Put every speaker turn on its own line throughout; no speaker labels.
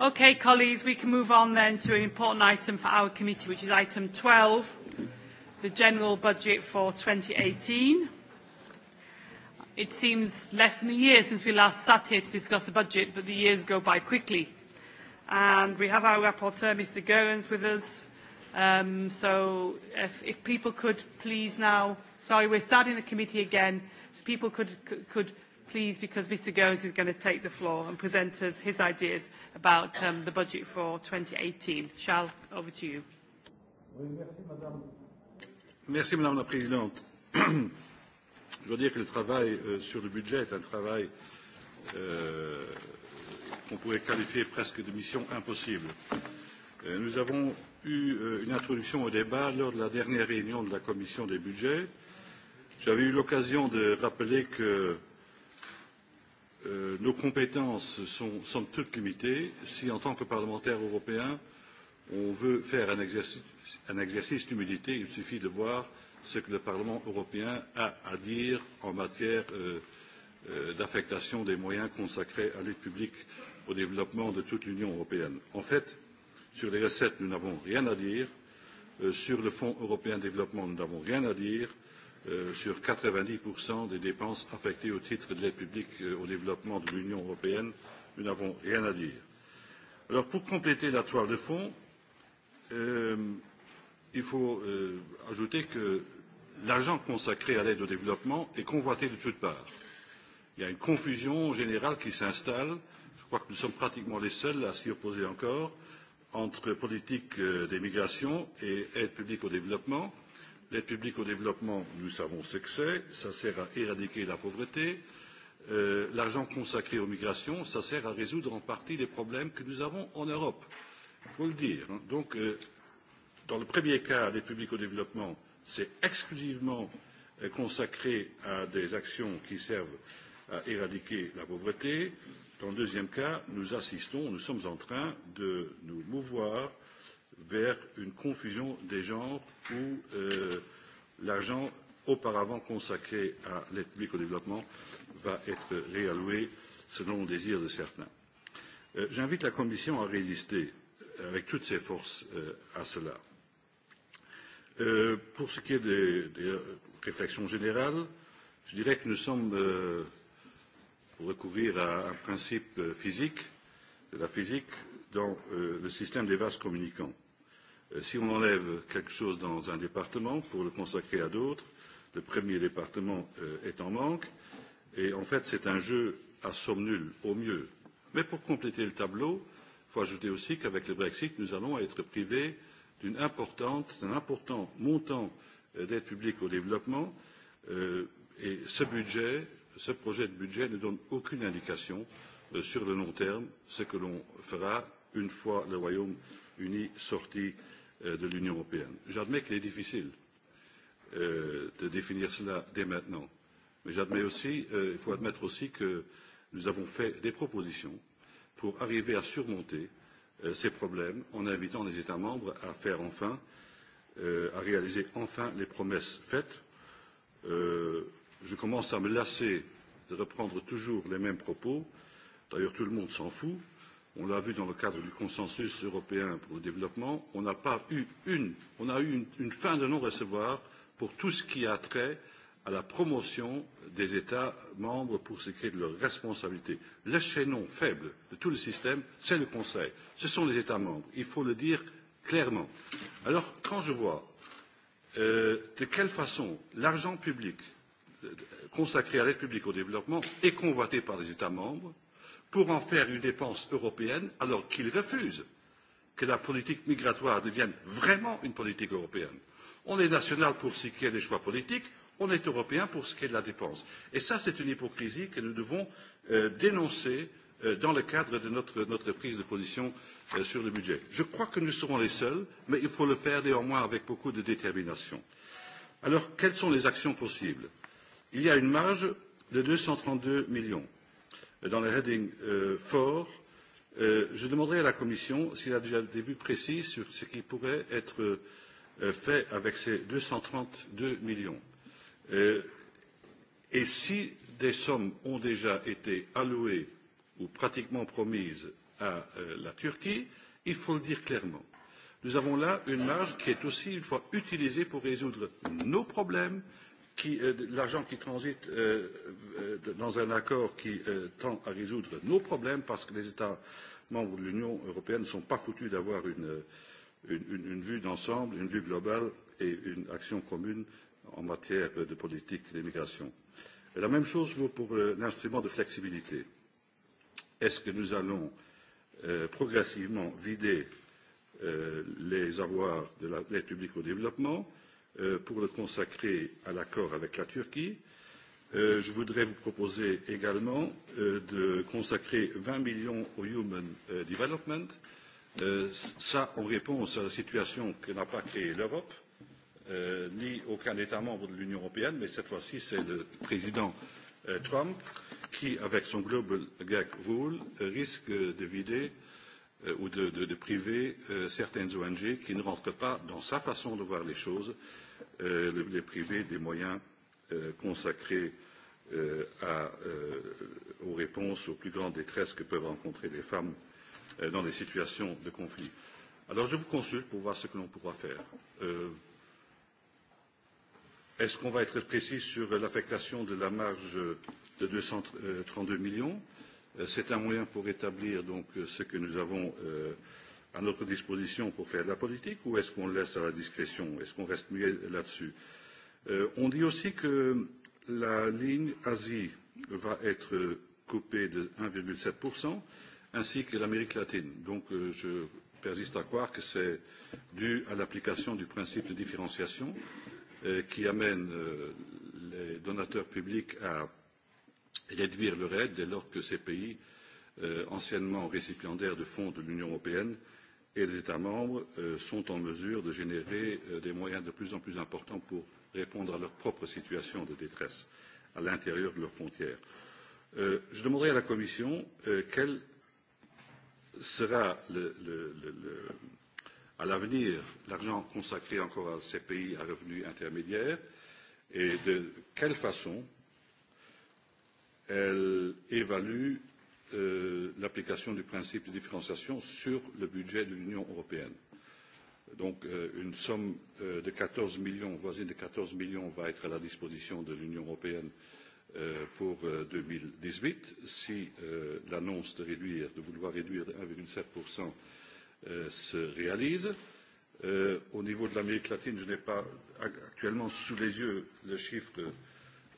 Okay, colleagues, we can move on then to an important item for our committee, which is item 12, the general budget for 2018. It seems less than a year since we last sat here to discuss the budget, but the years go by quickly. And we have our rapporteur, Mr. Goerens, with us. Um, so if, if people could please now, sorry, we're starting the committee again, so people could, could pleased because Mr Goins is going to take the floor and present us his ideas about um, the budget for 2018. Charles, over to you.
Merci, Madame la Présidente. Je dois dire que le travail euh, sur le budget est un travail euh, qu'on pourrait qualifier presque de mission impossible. Euh, nous avons eu euh, une introduction au débat lors de la dernière réunion de la commission des budgets. J'avais eu l'occasion de rappeler que Euh, nos compétences sont somme toute limitées. Si en tant que parlementaires européens, on veut faire un exercice, exercice d'humilité, il suffit de voir ce que le Parlement européen a à dire en matière euh, euh, d'affectation des moyens consacrés à l'aide publique au développement de toute l'Union européenne. En fait, sur les recettes, nous n'avons rien à dire. Euh, sur le Fonds européen de développement, nous n'avons rien à dire. Euh, sur quatre vingt dix des dépenses affectées au titre de l'aide publique euh, au développement de l'union européenne nous n'avons rien à dire. Alors, pour compléter la toile de fond euh, il faut euh, ajouter que l'argent consacré à l'aide au développement est convoité de toutes parts. il y a une confusion générale qui s'installe je crois que nous sommes pratiquement les seuls à s'y opposer encore entre politique euh, des migrations et aide publique au développement. L'aide publique au développement, nous savons ce que c'est, ça sert à éradiquer la pauvreté. Euh, L'argent consacré aux migrations, ça sert à résoudre en partie les problèmes que nous avons en Europe. Il faut le dire. Hein. Donc, euh, dans le premier cas, l'aide publique au développement, c'est exclusivement euh, consacré à des actions qui servent à éradiquer la pauvreté. Dans le deuxième cas, nous assistons, nous sommes en train de nous mouvoir euh, vers une confusion des genres où euh, l'argent auparavant consacré à l'aide publique au développement va être réalloué selon le désir de certains. Euh, J'invite la Commission à résister avec toutes ses forces euh, à cela. Euh, pour ce qui est des, des réflexions générales, je dirais que nous sommes, euh, pour recourir à un principe physique, de la physique, dans euh, le système des vases communicants. Euh, si on enlève quelque chose dans un département pour le consacrer à d'autres, le premier département euh, est en manque. Et en fait, c'est un jeu à somme nulle, au mieux. Mais pour compléter le tableau, il faut ajouter aussi qu'avec le Brexit, nous allons être privés d'un important montant euh, d'aide publique au développement. et ce budget, ce projet de budget ne donne aucune indication sur le long terme ce que l'on fera une fois le Royaume-Uni sorti Euh, de l'Union européenne. J'admets qu'il est difficile euh, de définir cela dès maintenant, mais j'admets aussi, euh, il faut admettre aussi que nous avons fait des propositions pour arriver à surmonter ces problèmes en invitant les États membres à faire enfin, à réaliser enfin les promesses faites. Je commence à me lasser de reprendre toujours les mêmes propos. D'ailleurs, tout le monde s'en fout on l'a vu dans le cadre du consensus européen pour le développement, on n'a pas eu une, on a eu une, une fin de non-recevoir pour tout ce qui a trait à la promotion des États membres pour ce qui est de leurs responsabilités. chaînon faible de tout le système, c'est le Conseil. Ce sont les États membres. Il faut le dire clairement. Alors, quand je vois euh, de quelle façon l'argent public euh, consacré à l'aide publique au développement est convoité par les États membres, pour en faire une dépense européenne alors qu'ils refusent que la politique migratoire devienne vraiment une politique européenne. On est national pour ce qui est des choix politiques, on est européen pour ce qui est de la dépense. Et ça, c'est une hypocrisie que nous devons euh, dénoncer euh, dans le cadre de notre, notre prise de position euh, sur le budget. Je crois que nous serons les seuls, mais il faut le faire néanmoins avec beaucoup de détermination. Alors, quelles sont les actions possibles Il y a une marge de deux cent trente deux millions dans le heading euh, fort, euh, je demanderai à la Commission s'il a déjà des vues précises sur ce qui pourrait être euh, fait avec ces deux cent trente deux millions. Euh, et si des sommes ont déjà été allouées ou pratiquement promises à euh, la Turquie, il faut le dire clairement. Nous avons là une marge qui est aussi une fois utilisée pour résoudre nos problèmes, Euh, l'argent qui transite euh, euh, dans un accord qui tend à résoudre nos problèmes parce que les États membres de l'Union européenne ne sont pas foutus d'avoir une, une, une, une vue d'ensemble, une vue globale et une action commune en matière de politique d'immigration. La même chose vaut pour l'instrument de flexibilité. Est-ce que nous allons progressivement vider les avoirs de l'aide publique au développement Euh, pour le consacrer à l'accord avec la Turquie. Euh, je voudrais vous proposer également euh, de consacrer 20 millions au Human Development, ça en réponse à la situation que n'a pas créée l'Europe, ni aucun État membre de l'Union européenne, mais cette fois-ci c'est le président Trump qui, avec son Global Gag Rule, risque de vider ou de, de, de priver certaines ONG qui ne rentrent pas dans sa façon de voir les choses euh, les priver des moyens euh, consacrés euh, à, euh, aux réponses aux plus grandes détresses que peuvent rencontrer les femmes euh, dans des situations de conflit. Alors je vous consulte pour voir ce que l'on pourra faire. Euh, Est-ce qu'on va être précis sur l'affectation de la marge de 232 millions euh, C'est un moyen pour établir donc ce que nous avons euh, à notre disposition pour faire de la politique ou est-ce qu'on le laisse à la discrétion Est-ce qu'on reste muet là-dessus euh, On dit aussi que la ligne Asie va être coupée de 1,7%, ainsi que l'Amérique latine. Donc euh, je persiste à croire que c'est dû à l'application du principe de différenciation euh, qui amène euh, les donateurs publics à réduire leur aide dès lors que ces pays euh, anciennement récipiendaires de fonds de l'Union européenne euh, et les États membres euh, sont en mesure de générer euh, des moyens de plus en plus importants pour répondre à leur propre situation de détresse à l'intérieur de leurs frontières. Euh, je demanderai à la Commission euh, quel sera le, le, le, le, à l'avenir l'argent consacré encore à ces pays à revenus intermédiaires et de quelle façon elle évalue Euh, l'application du principe de différenciation sur le budget de l'Union européenne. Donc euh, une somme euh, de 14 millions, voisine de 14 millions, va être à la disposition de l'Union européenne euh, pour euh, 2018. Si euh, l'annonce de réduire, de vouloir réduire de 1,7% euh, se réalise, euh, au niveau de l'Amérique latine, je n'ai pas actuellement sous les yeux le chiffre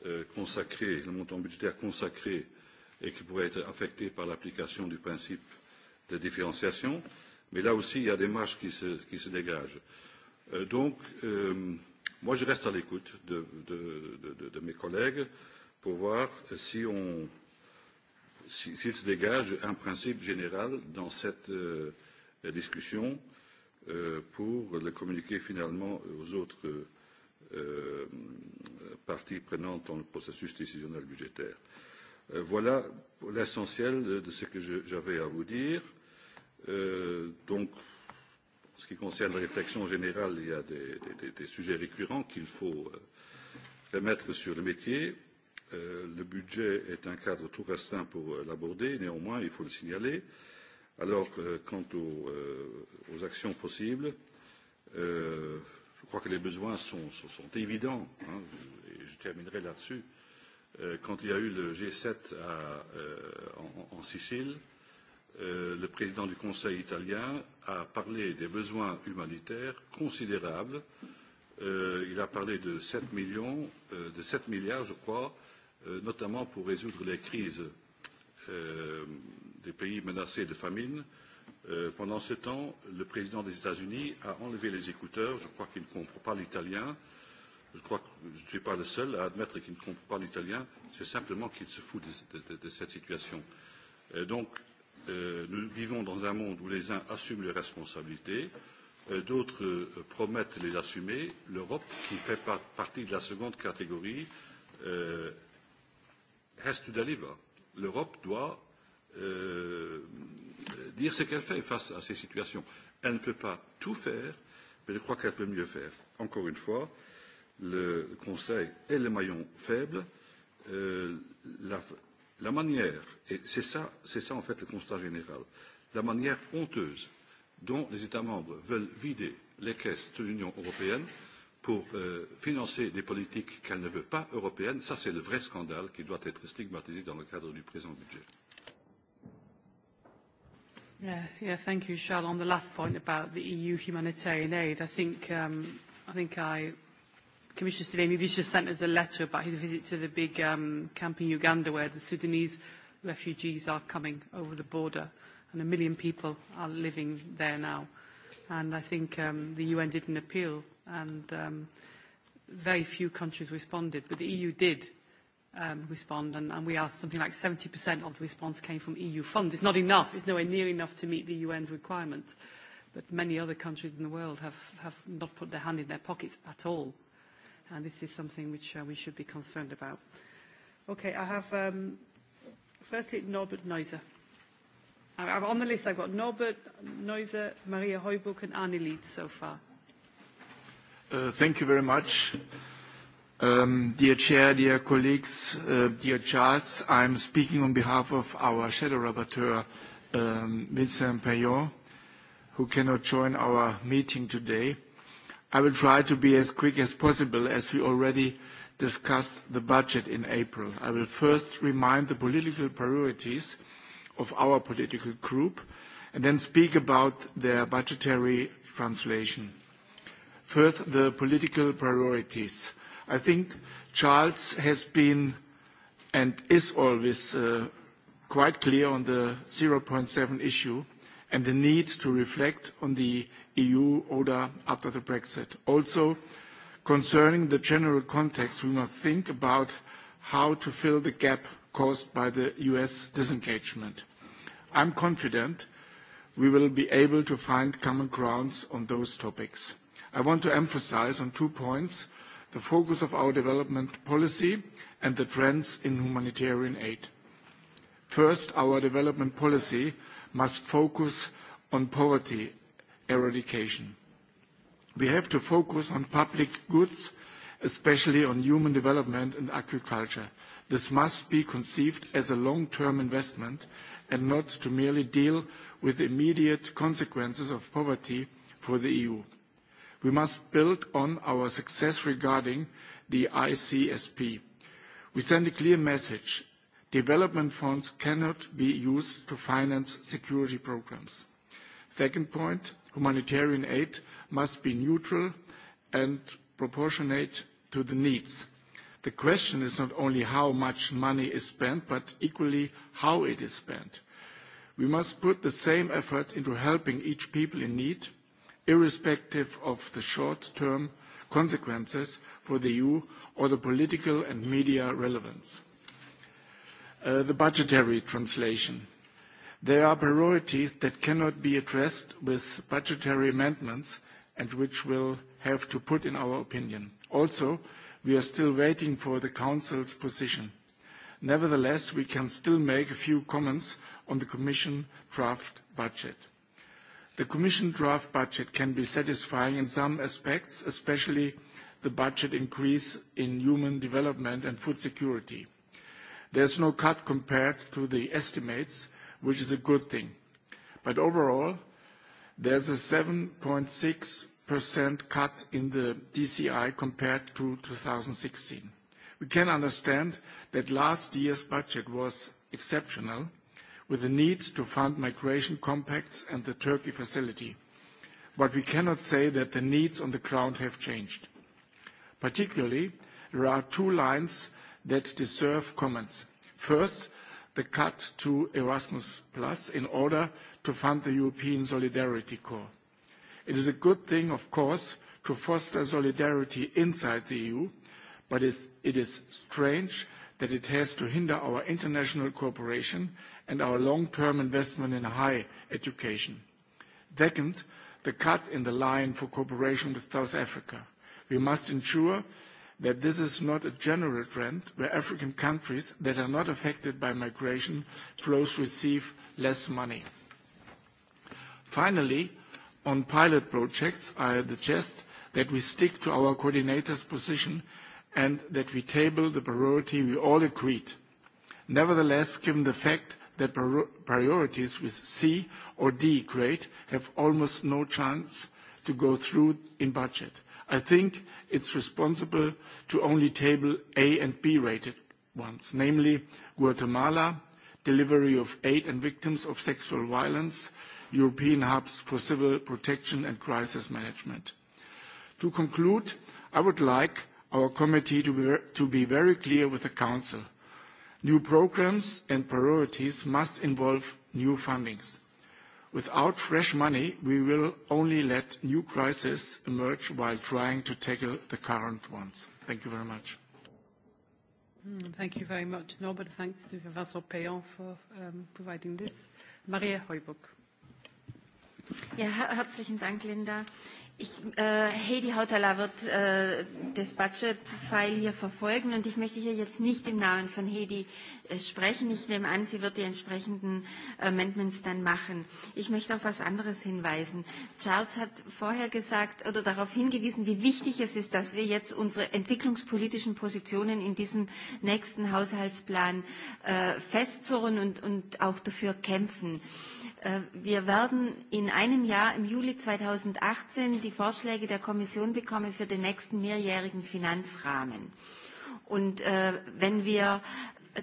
euh, consacré, le montant budgétaire consacré euh, et qui pourraient être affectés par l'application du principe de différenciation. Mais là aussi, il y a des marges qui se, qui se dégagent. Euh, donc, euh, moi, je reste à l'écoute de, de, de, de, mes collègues pour voir si on, s'il se dégage un principe général dans cette euh, discussion euh, pour le communiquer finalement aux autres euh, euh parties prenantes dans le processus décisionnel budgétaire. Euh, Euh, voilà l'essentiel de, ce que j'avais à vous dire. Euh, donc, en ce qui concerne la réflexion générale, il y a des, des, des sujets récurrents qu'il faut euh, remettre sur le métier. Euh, le budget est un cadre trop restreint pour euh, l'aborder, néanmoins, il faut le signaler. Alors, euh, quant aux, euh, aux actions possibles, euh, je crois que les besoins sont, sont, sont évidents, hein, et je terminerai là-dessus. Euh, Euh, quand il y a eu le G7 à, euh, en, en Sicile, euh, le président du Conseil italien a parlé des besoins humanitaires considérables. il a parlé de 7 millions, de 7 milliards, je crois, notamment pour résoudre les crises des pays menacés de famine. pendant ce temps, le président des États-Unis a enlevé les écouteurs. Je crois qu'il ne comprend pas l'italien. Euh, je crois que je ne suis pas le seul à admettre qu'il ne comprend pas l'italien, c'est simplement qu'il se fout de, de, de, de cette situation. Et euh, donc, euh, nous vivons dans un monde où les uns assument les responsabilités, euh, d'autres euh, promettent les assumer. L'Europe, qui fait par, partie de la seconde catégorie, euh, to deliver. L'Europe doit euh, dire ce qu'elle fait face à ces situations. Elle ne peut pas tout faire, mais je crois qu'elle peut mieux faire. Encore une fois, euh, le Conseil est le maillon faible, euh, la, la manière, et c'est ça, c'est ça en fait le constat général, la manière honteuse dont les États membres veulent vider les caisses de l'Union européenne pour euh, financer des politiques qu'elle ne veut pas européennes, ça c'est le vrai scandale qui doit être stigmatisé dans le cadre du présent budget.
Yeah, yeah, thank you, Charles. On the last point about the EU humanitarian aid, I think, um, I think I Commissioner Stylianides just sent us a letter about his visit to the big um, camp in Uganda where the Sudanese refugees are coming over the border and a million people are living there now. And I think um, the UN did an appeal and um, very few countries responded, but the EU did um, respond and, and we are something like 70% of the response came from EU funds. It's not enough. It's nowhere near enough to meet the UN's requirements. But many other countries in the world have, have not put their hand in their pockets at all and this is something which uh, we should be concerned about. Okay, I have um, firstly Norbert Neuser. I, I'm on the list, I've got Norbert Neuser, Maria Heubuck and Arne Leeds so far.
Uh, thank you very much. Um, dear Chair, dear colleagues, uh, dear Charles, I'm speaking on behalf of our Shadow Rapporteur, um, Vincent Payon, who cannot join our meeting today. I will try to be as quick as possible as we already discussed the budget in April. I will first remind the political priorities of our political group and then speak about their budgetary translation. First, the political priorities. I think Charles has been and is always uh, quite clear on the 0.7 issue and the need to reflect on the EU order after the Brexit. Also, concerning the general context, we must think about how to fill the gap caused by the U.S. disengagement. I'm confident we will be able to find common grounds on those topics. I want to emphasize on two points, the focus of our development policy and the trends in humanitarian aid. First, our development policy must focus on poverty eradication. We have to focus on public goods, especially on human development and agriculture. This must be conceived as a long-term investment and not to merely deal with the immediate consequences of poverty for the EU. We must build on our success regarding the ICSP. We send a clear message development funds cannot be used to finance security programs. Second point, humanitarian aid must be neutral and proportionate to the needs. The question is not only how much money is spent, but equally how it is spent. We must put the same effort into helping each people in need, irrespective of the short-term consequences for the EU or the political and media relevance. Uh, the budgetary translation. There are priorities that cannot be addressed with budgetary amendments and which will have to put in our opinion. Also, we are still waiting for the Council's position. Nevertheless, we can still make a few comments on the Commission draft budget. The Commission draft budget can be satisfying in some aspects, especially the budget increase in human development and food security. There's no cut compared to the estimates, which is a good thing. But Overall, there's a 7.6% cut in the DCI compared to 2016. We can understand that last year's budget was exceptional, with the need to fund migration compacts and the Turkey facility. But We cannot say that the needs on the ground have changed. Particularly, there are two lines that deserve comments. First, the cut to Erasmus Plus in order to fund the European Solidarity Corps. It is a good thing, of course, to foster solidarity inside the EU, but it is strange that it has to hinder our international cooperation and our long-term investment in higher education. Second, the cut in the line for cooperation with South Africa. We must ensure that this is not a general trend where African countries that are not affected by migration flows receive less money. Finally, on pilot projects, I suggest that we stick to our coordinator's position and that we table the priority we all agreed. Nevertheless, given the fact that priorities with C or D grade have almost no chance to go through in budget, i think it's responsible to only table A and B-rated ones, namely Guatemala, delivery of aid and victims of sexual violence, European hubs for civil protection and crisis management. To conclude, I would like our committee to be, to be very clear with the Council. New programmes and priorities must involve new fundings. Without fresh money, we will only let new crises emerge while trying to tackle the current ones. Thank you very much.
Hmm, thank you very much, Norbert. Thanks to Vincent Payen for um, providing this. Maria Heuburg. Ja,
herzlichen Dank, Linda. Ich, äh, Heidi Hautala wird äh, das Budget-File hier verfolgen und ich möchte hier jetzt nicht im Namen von Heidi äh, sprechen. Ich nehme an, sie wird die entsprechenden Amendments dann machen. Ich möchte auf etwas anderes hinweisen. Charles hat vorher gesagt oder darauf hingewiesen, wie wichtig es ist, dass wir jetzt unsere entwicklungspolitischen Positionen in diesem nächsten Haushaltsplan äh, festzurren und, und auch dafür kämpfen. Äh, Äh, wir werden in einem Jahr im Juli 2018 die Vorschläge der Kommission bekommen für den nächsten mehrjährigen Finanzrahmen. Und äh, wenn wir äh,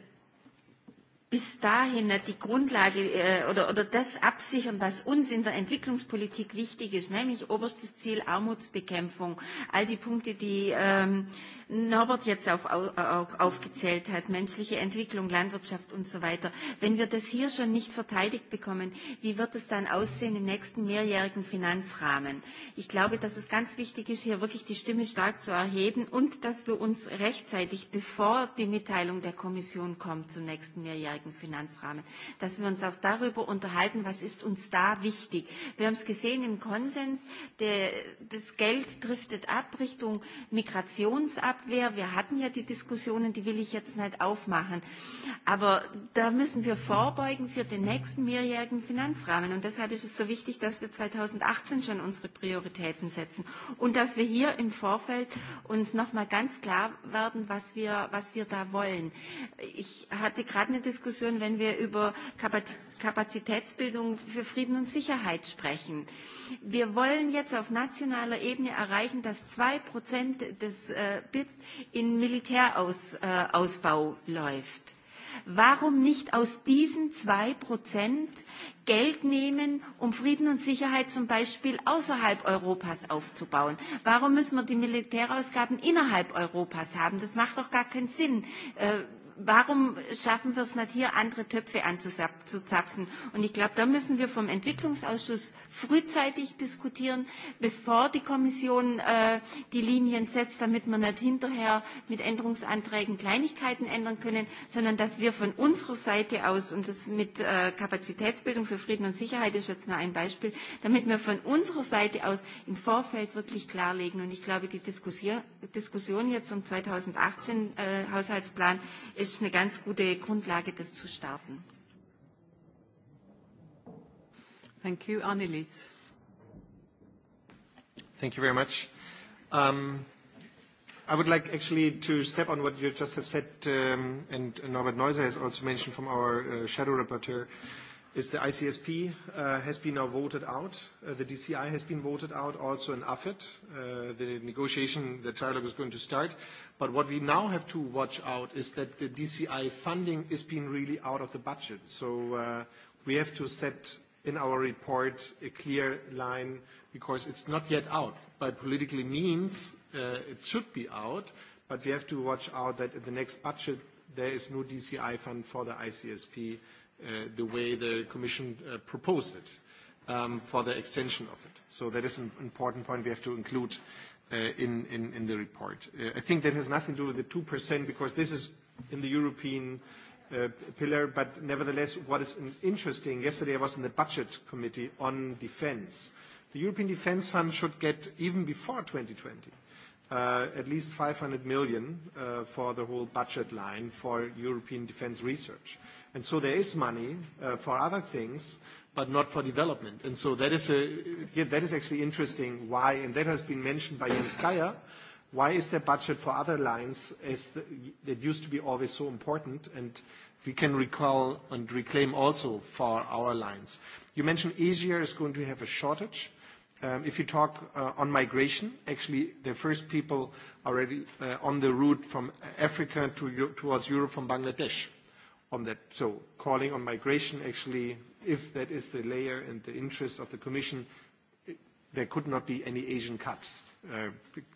bis dahin die Grundlage äh, oder, oder das absichern, was uns in der Entwicklungspolitik wichtig ist, nämlich oberstes Ziel Armutsbekämpfung, all die Punkte, die ähm, Norbert jetzt auf, auch äh, aufgezählt hat, menschliche Entwicklung, Landwirtschaft und so weiter. Wenn wir das hier schon nicht verteidigt bekommen, wie wird es dann aussehen im nächsten mehrjährigen Finanzrahmen? Ich glaube, dass es ganz wichtig ist, hier wirklich die Stimme stark zu erheben und dass wir uns rechtzeitig, bevor die Mitteilung der Kommission kommt zum nächsten mehrjährigen Finanzrahmen, dass wir uns auch darüber unterhalten, was ist uns da wichtig. Wir haben es gesehen im Konsens, der, das Geld driftet ab Richtung Migrationsabkommen. Abwehr. Wir hatten ja die Diskussionen, die will ich jetzt nicht aufmachen. Aber da müssen wir vorbeugen für den nächsten mehrjährigen Finanzrahmen. Und deshalb ist es so wichtig, dass wir 2018 schon unsere Prioritäten setzen und dass wir hier im Vorfeld uns nochmal ganz klar werden, was wir, was wir da wollen. Ich hatte gerade eine Diskussion, wenn wir über Kapazität Kapazitätsbildung für Frieden und Sicherheit sprechen. Wir wollen jetzt auf nationaler Ebene erreichen, dass zwei Prozent des äh, BIP in Militärausbau äh, läuft. Warum nicht aus diesen zwei Prozent Geld nehmen, um Frieden und Sicherheit zum Beispiel außerhalb Europas aufzubauen? Warum müssen wir die Militärausgaben innerhalb Europas haben? Das macht doch gar keinen Sinn. Äh, warum schaffen wir es nicht hier, andere Töpfe anzuzapfen? Und ich glaube, da müssen wir vom Entwicklungsausschuss frühzeitig diskutieren, bevor die Kommission äh, die Linien setzt, damit wir nicht hinterher mit Änderungsanträgen Kleinigkeiten ändern können, sondern dass wir von unserer Seite aus, und das mit äh, Kapazitätsbildung für Frieden und Sicherheit ist jetzt nur ein Beispiel, damit wir von unserer Seite aus im Vorfeld wirklich klarlegen. Und ich glaube, die Diskussion jetzt zum 2018 äh, Haushaltsplan ist ist eine ganz gute Grundlage, das zu starten. Thank you, Annelies.
Thank you very much. Um, I would like actually to step on what you just have said, um, and Norbert Neuser has also mentioned from our uh, shadow rapporteur is the ICSP uh, has been now voted out. Uh, the DCI has been voted out also in AFET. Uh, the negotiation, the trilogue is going to start. But what we now have to watch out is that the DCI funding is being really out of the budget. So we have to set in our report a clear line because it's not yet out. By politically means, it should be out, but we have to watch out that in the next budget there is no DCI fund for the ICSP uh, the way the Commission uh, proposed it um, for the extension of it. So that is an important point we have to include uh, in, the report. Uh, I think that has nothing to do with the 2% because this is in the European uh, pillar, but nevertheless, what is interesting, yesterday I was in the budget committee on defense. The European Defense Fund should get, even before 2020, at least 500 million for the whole budget line for European defense research. And so there is money uh, for other things, but not for development. And so that is, a, yeah, that is actually interesting why, and that has been mentioned by Jens Geier, why is there budget for other lines as the, that used to be always so important and we can recall and reclaim also for our lines. You mentioned Asia is going to have a shortage. Um, if you talk uh, on migration, actually the first people already uh, on the route from Africa to, towards Europe from Bangladesh on that. So calling on migration, actually, if that is the layer and the interest of the Commission, there could not be any Asian cuts, uh,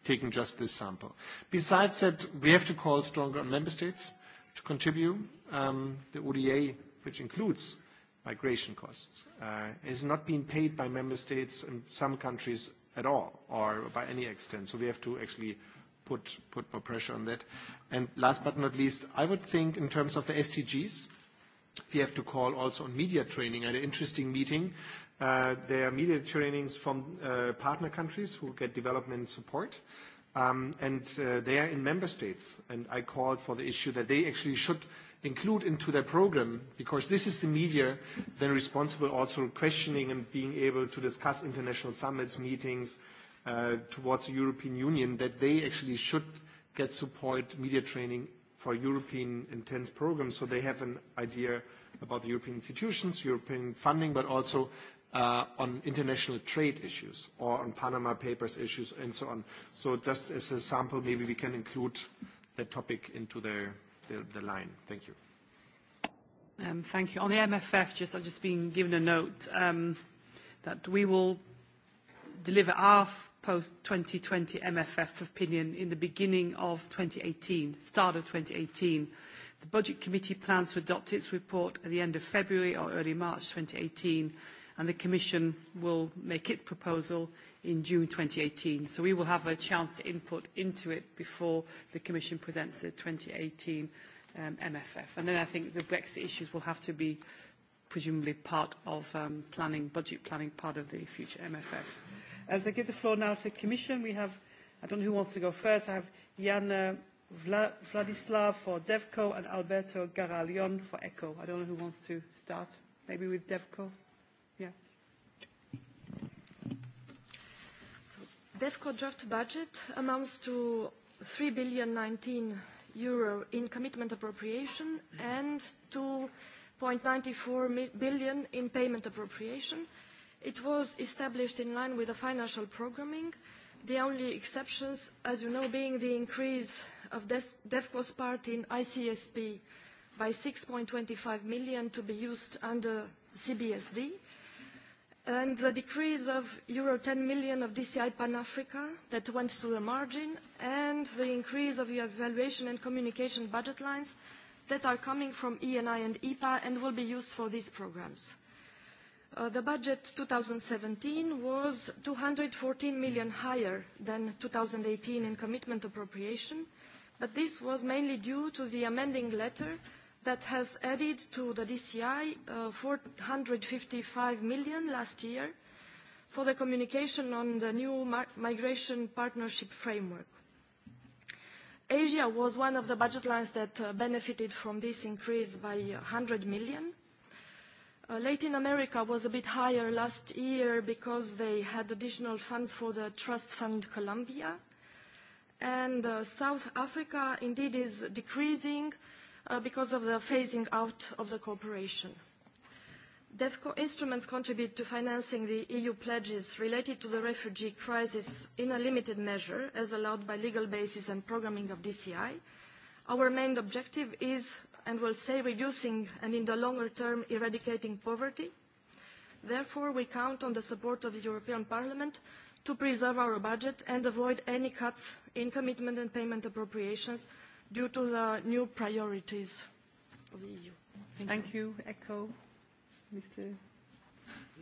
taking just this sample. Besides that, we have to call stronger on member states to contribute. Um, the ODA, which includes migration costs, uh, has not been paid by member states in some countries at all or by any extent. So we have to actually put, put more pressure on that. And last but not least, I would think in terms of the SDGs, we have to call also on media training. I had an interesting meeting. Uh, there are media trainings from uh, partner countries who get development support. Um, and uh, they are in member states. And I called for the issue that they actually should include into their program, because this is the media then responsible also questioning and being able to discuss international summits, meetings, uh, towards the European Union that they actually should get support media training for European intense programs so they have an idea about the European institutions, European funding, but also uh, on international trade issues or on Panama Papers issues and so on. So just as a sample, maybe we can include that topic into the, the, the line. Thank you.
Um, thank you. On the MFF, just, I've just been given a note um, that we will deliver our post-2020 MFF opinion in the beginning of 2018, start of 2018. The Budget Committee plans to adopt its report at the end of February or early March 2018, and the Commission will make its proposal in June 2018. So we will have a chance to input into it before the Commission presents the 2018 um, MFF. And then I think the Brexit issues will have to be presumably part of um, planning, budget planning, part of the future MFF. As uh, I give the floor now to the Commission, we have, I don't know who wants to go first, I have Jana Vla, Vladislav for DevCo and Alberto Garaglion for ECHO. I don't know who wants to start, maybe with DevCo.
The DEFCO draft budget amounts to 3 billion 19 euro in commitment appropriation and 2.94 billion in payment appropriation It was established in line with the financial programming, the only exceptions, as you know, being the increase of DEFCO's part in ICSP by 6.25 million to be used under CBSD, and the decrease of euro 10 million of DCI Pan-Africa that went to the margin, and the increase of the evaluation and communication budget lines that are coming from ENI and EPA and will be used for these programs. Uh, the budget 2017 was 214 million higher than 2018 in commitment appropriation, but this was mainly due to the amending letter that has added to the DCI uh, 455 million last year for the communication on the new migration partnership framework. Asia was one of the budget lines that uh, benefited from this increase by 100 million, Uh, Latin America was a bit higher last year because they had additional funds for the Trust Fund Colombia. And uh, South Africa indeed is decreasing uh, because of the phasing out of the cooperation. DEFCO instruments contribute to financing the EU pledges related to the refugee crisis in a limited measure, as allowed by legal basis and programming of DCI. Our main objective is and will say reducing and in the longer term eradicating poverty. Therefore, we count on the support of the European Parliament to preserve our budget and avoid any cuts in commitment and payment appropriations due to the new priorities of the EU. Thank, Thank you. you. Echo. Mr.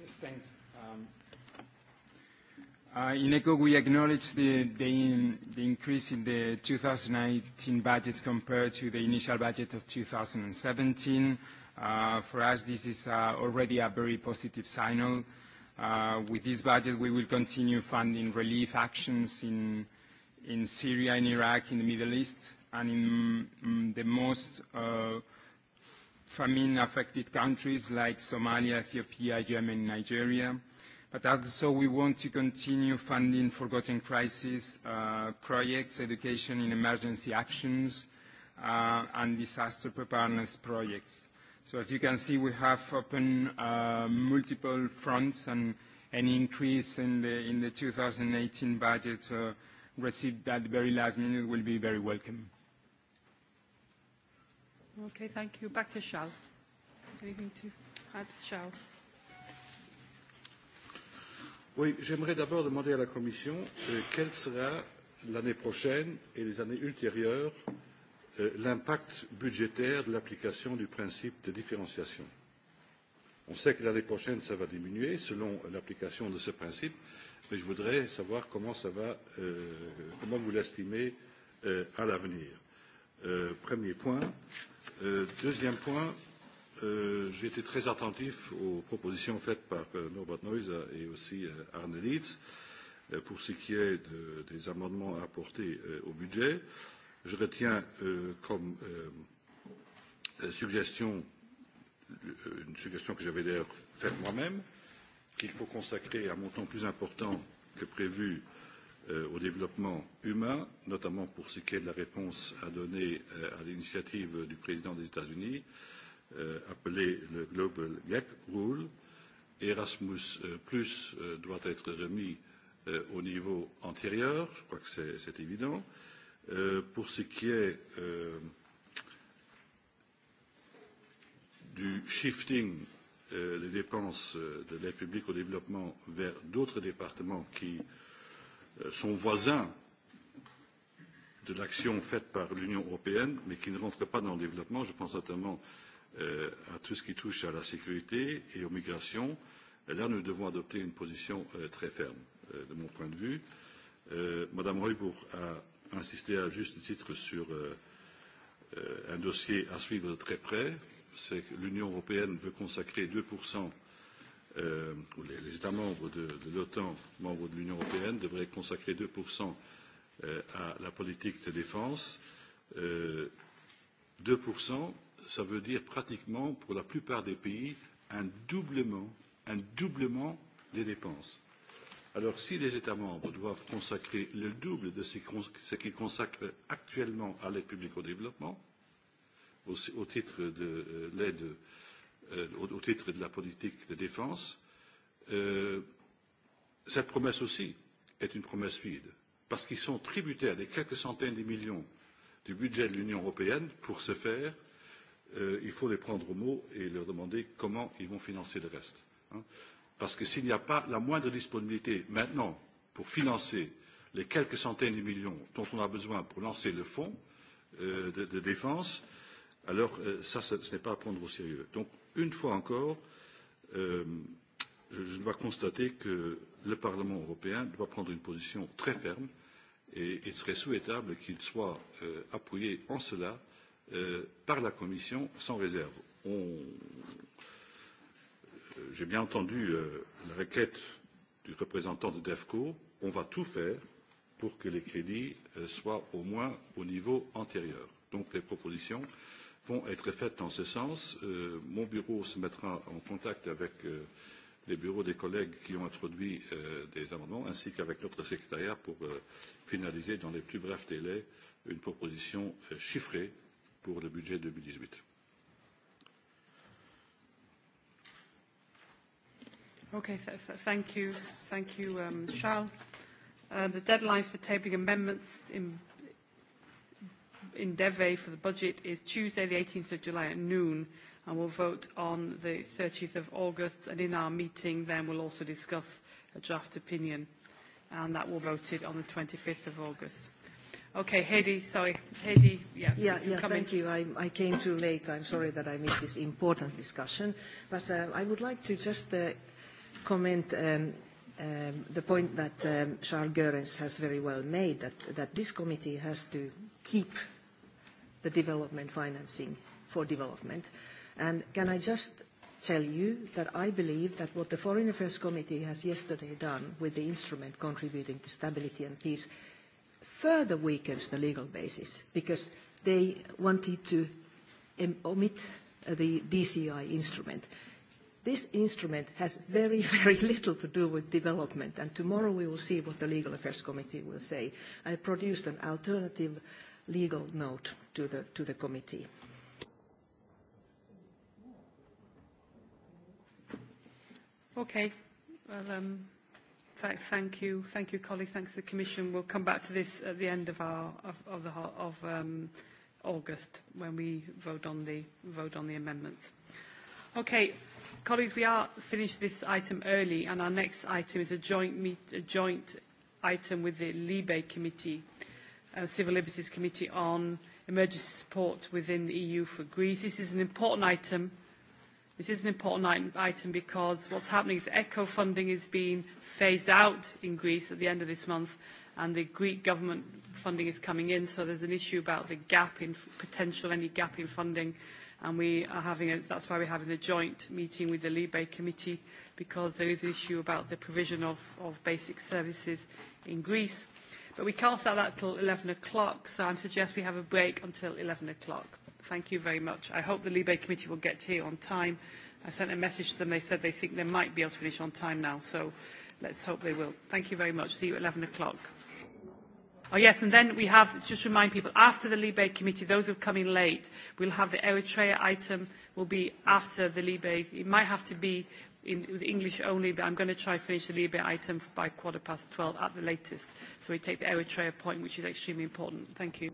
Yes, thanks. Um, Uh, in we acknowledge the, the, in, the increase in the 2019 budget compared to the initial budget of 2017. Uh, for us, this is uh, already a very positive signal. Uh, with this budget, we will continue funding relief actions in, in Syria, in Iraq, in the Middle East, and in mm, the most uh, famine-affected countries like Somalia, Ethiopia, Yemen, Nigeria but also we want to continue funding forgotten crisis uh, projects, education in emergency actions, uh, and disaster preparedness projects. So as you can see, we have opened uh, multiple fronts and an increase in the, in the 2018 budget uh, received at the very last minute will be very welcome.
Okay, thank you. Back to Charles. Anything to add, Charles?
Oui, j'aimerais d'abord demander à la Commission euh, quel sera l'année prochaine et les années ultérieures euh, l'impact budgétaire de l'application du principe de différenciation. On sait que l'année prochaine, ça va diminuer selon l'application de ce principe, mais je voudrais savoir comment, ça va, euh, comment vous l'estimez euh, à l'avenir. Euh, premier point. Euh, deuxième point, Euh, j'ai été très attentif aux propositions faites par euh, Norbert Neuser et aussi euh, Arne Litz euh, pour ce qui est de, des amendements à apporter euh, au budget. Je retiens euh, comme euh, euh suggestion euh, une suggestion que j'avais d'ailleurs faite moi-même, qu'il faut consacrer un montant plus important que prévu euh, au développement humain, notamment pour ce qui est de la réponse à donner euh, à l'initiative du président des États-Unis. Euh, Euh, appelé le Global GAC Rule. Erasmus euh, Plus euh, doit être remis au niveau antérieur, je crois que c'est évident. Pour ce qui est du shifting des dépenses de l'aide publique au développement vers d'autres départements qui sont voisins de l'action faite par l'Union européenne, mais qui ne rentrent pas dans le développement. Je pense notamment euh, Euh, à tout ce qui touche à la sécurité et aux migrations, euh, là nous devons adopter une position euh, très ferme, de mon point de vue. Madame Reubourg a insisté à juste titre sur un dossier à suivre de très près. C'est que l'Union européenne veut consacrer 2%, euh, les, les États membres de, de l'OTAN, membres de l'Union européenne, devraient consacrer 2% euh, à la politique de défense. Euh, ça veut dire pratiquement, pour la plupart des pays, un doublement, un doublement des dépenses. Alors, si les États membres doivent consacrer le double de ce qu'ils consacrent actuellement à l'aide publique au développement, au, au titre de euh, l'aide, euh, au, au titre de la politique de défense, euh, cette promesse aussi est une promesse vide, parce qu'ils sont tributaires des quelques centaines de millions du budget de l'Union européenne pour ce faire, euh, il faut les prendre au mot et leur demander comment ils vont financer le reste. Hein. Parce que s'il n'y a pas la moindre disponibilité maintenant pour financer les quelques centaines de millions dont on a besoin pour lancer le fonds euh, de, de défense, alors euh, ça, ce, ce n'est pas à prendre au sérieux. Donc, une fois encore, euh, je, je dois constater que le Parlement européen doit prendre une position très ferme et il serait souhaitable qu'il soit euh, appuyé en cela Euh, par la Commission sans réserve. On... Euh, j'ai bien entendu euh, la requête du représentant de DEFCO. On va tout faire pour que les crédits euh, soient au moins au niveau antérieur. Donc les propositions vont être faites dans ce sens. Euh, mon bureau se mettra en contact avec euh, les bureaux des collègues qui ont introduit euh, des amendements, ainsi qu'avec notre secrétariat pour euh, finaliser dans les plus brefs délais une proposition euh, chiffrée pour le budget 2018. mille
Okay, th th thank you, thank you, um, Charles. Uh, the deadline for tabling amendments in, in DEVE for the budget is Tuesday, the 18th of July at noon, and we'll vote on the 30th of August, and in our meeting then we'll also discuss a draft opinion, and that will be voted on the 25th of August. Okay, Heidi, sorry. Heidi, yeah. Yeah, yeah thank in.
you. I, I came too late. I'm sorry that I missed this important discussion. But uh, I would like to just uh, comment um, um, the point that um, Charles Goerens has very well made, that, that this committee has to keep the development financing for development. And can I just tell you that I believe that what the Foreign Affairs Committee has yesterday done with the instrument contributing to stability and peace further weakens the legal basis because they wanted to omit uh, the DCI instrument. This instrument has very, very little to do with development, and tomorrow we will see what the Legal Affairs Committee will say. I produced an alternative legal note to the, to the committee.
Okay. Well, um, Thank you. Thank you, colleagues. Thanks to the Commission. We'll come back to this at the end of our of of the of um August when we vote on the vote on the amendments. Okay, colleagues, we are finished this item early, and our next item is a joint meet a joint item with the Libe Committee, uh Civil Liberties Committee on emergency support within the EU for Greece. This is an important item This is an important item because what's happening is ECHO funding is being phased out in Greece at the end of this month and the Greek government funding is coming in. So there's an issue about the gap in potential, any gap in funding. And we are having a, that's why we're having a joint meeting with the Libe Committee because there is an issue about the provision of, of basic services in Greece. But we can't start that till 11 o'clock, so I suggest we have a break until 11 o'clock. Thank you very much. I hope the Libe Committee will get here on time. I sent a message to them. They said they think they might be able to finish on time now, so let's hope they will. Thank you very much. See you at 11 o'clock. Oh, yes, and then we have, just remind people, after the Libe Committee, those who have come in late, we'll have the Eritrea item will be after the Libe. It might have to be in with English only, but I'm going to try to finish the Libe item by quarter past 12 at the latest. So we take the Eritrea point, which is extremely important. Thank you.